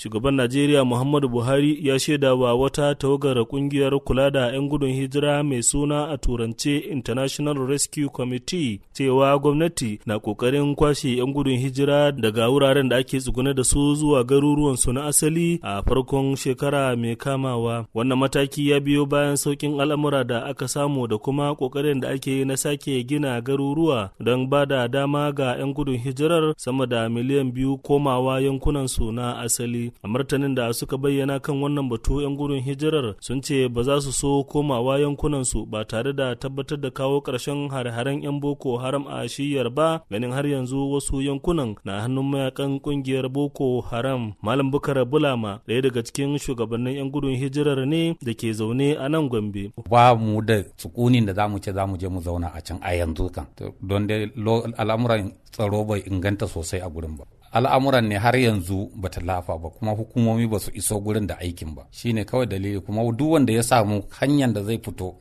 shugaban najeriya muhammadu buhari ya shaida wa wata tawagar kungiyar kula da 'yan gudun hijira mai suna a turance international rescue committee cewa gwamnati na kokarin kwashe 'yan gudun hijira daga wuraren da ake tsugune da su zuwa garuruwansu na asali a farkon shekara mai kamawa wannan mataki ya biyo bayan saukin al'amura da aka samu da kuma kokarin da ake yi na sake gina garuruwa don ba da dama ga 'yan gudun hijirar sama da miliyan biyu komawa yankunansu na asali a martanin da suka bayyana kan wannan batu 'yan gudun hijirar sun ce ba za su so komawa yankunansu ba tare da tabbatar da kawo karshen hare-haren 'yan boko haram a shiyar ba ganin har yanzu wasu yankunan na hannun mayakan ƙungiyar boko haram malam bukar bulama ɗaya daga cikin shugabannin 'yan gudun hijirar ne da ke zaune a nan gombe ba mu da tsukunin da zamu ce zamu je mu zauna a can a yanzu kan don dai al'amuran tsaro bai inganta sosai a gurin ba al'amuran ne har yanzu ba ta lafa ba kuma hukumomi ba su iso gurin da aikin ba shine kawai dalili kuma duk wanda ya samu hanyar da zai fito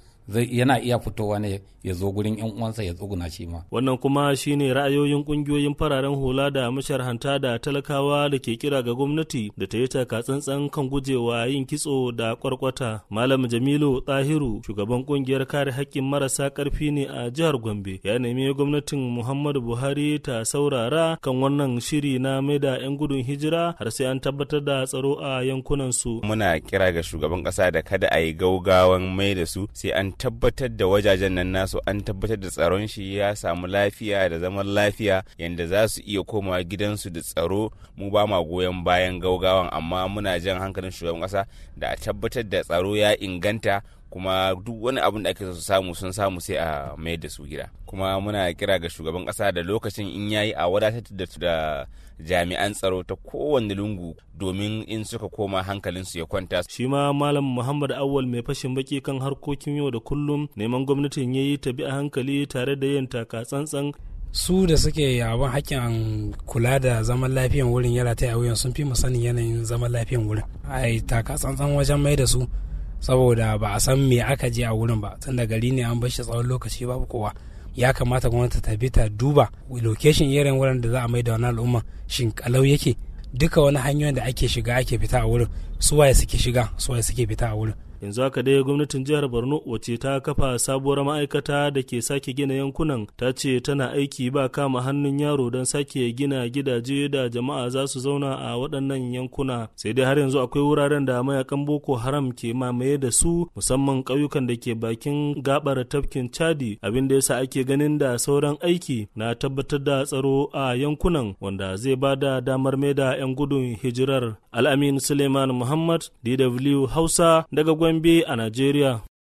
yana iya fitowa ne ya zo gurin yan uwansa ya tsuguna shi ma wannan kuma shine ra'ayoyin kungiyoyin fararen hula da masharhanta da talakawa da ke kira ga gwamnati da ta yi taka tsantsan kan gujewa yin kitso da kwarkwata malam jamilu tahiru shugaban kungiyar kare haƙƙin marasa ƙarfi ne a jihar gombe ya nemi gwamnatin muhammadu buhari ta saurara kan wannan shiri na da 'yan gudun hijira har sai an tabbatar da tsaro a yankunan su muna kira ga shugaban ƙasa da kada a yi gaugawan mai da su sai an tabbatar da wajajen nan nasu an tabbatar da tsaron shi ya samu lafiya da zaman lafiya yadda za su iya komawa gidansu da tsaro mu ba ma goyon bayan gaugawan amma muna jan hankalin shugaban kasa da a tabbatar da tsaro ya inganta kuma duk wani abin da ake so su samu sun samu sai a mai da su gida kuma muna kira ga shugaban kasa da lokacin in yayi a wadatar da da jami'an tsaro ta kowanne lungu domin in suka koma su ya kwanta shi ma malam muhammad awwal mai fashin baki kan harkokin yau da kullum neman gwamnatin yayi ta bi a hankali tare da yin taka tsantsan su da suke abin hakkin kula da zaman lafiyan wurin yara ta wuyan sun fi mu sanin yanayin zaman lafiyan wurin a taka tsantsan wajen mai da su saboda ba a san me aka je a wurin ba tunda gari ne an bashi tsawon lokaci babu kowa ya kamata gwamnati ta bi ta duba location irin wurin da za a mai da wani al'umma shin kalau yake duka wani hanyoyin da ake shiga ake fita a wurin suwaye suke shiga suwaye suke fita a wurin yanzu haka dai gwamnatin jihar borno wacce ta kafa sabuwar ma'aikata da ke sake gina yankunan ta ce tana aiki ba kama hannun yaro don sake gina gidaje da jama'a za su zauna a waɗannan yankuna sai dai har yanzu akwai wuraren da mayakan boko haram ke mamaye da su musamman ƙauyukan da ke bakin gabar tafkin chadi abin da yasa ake ganin da sauran aiki na tabbatar da tsaro a yankunan wanda zai ba da damar mai da 'yan gudun hijirar al'amin suleiman muhammad dw hausa daga Gombe a Najeriya.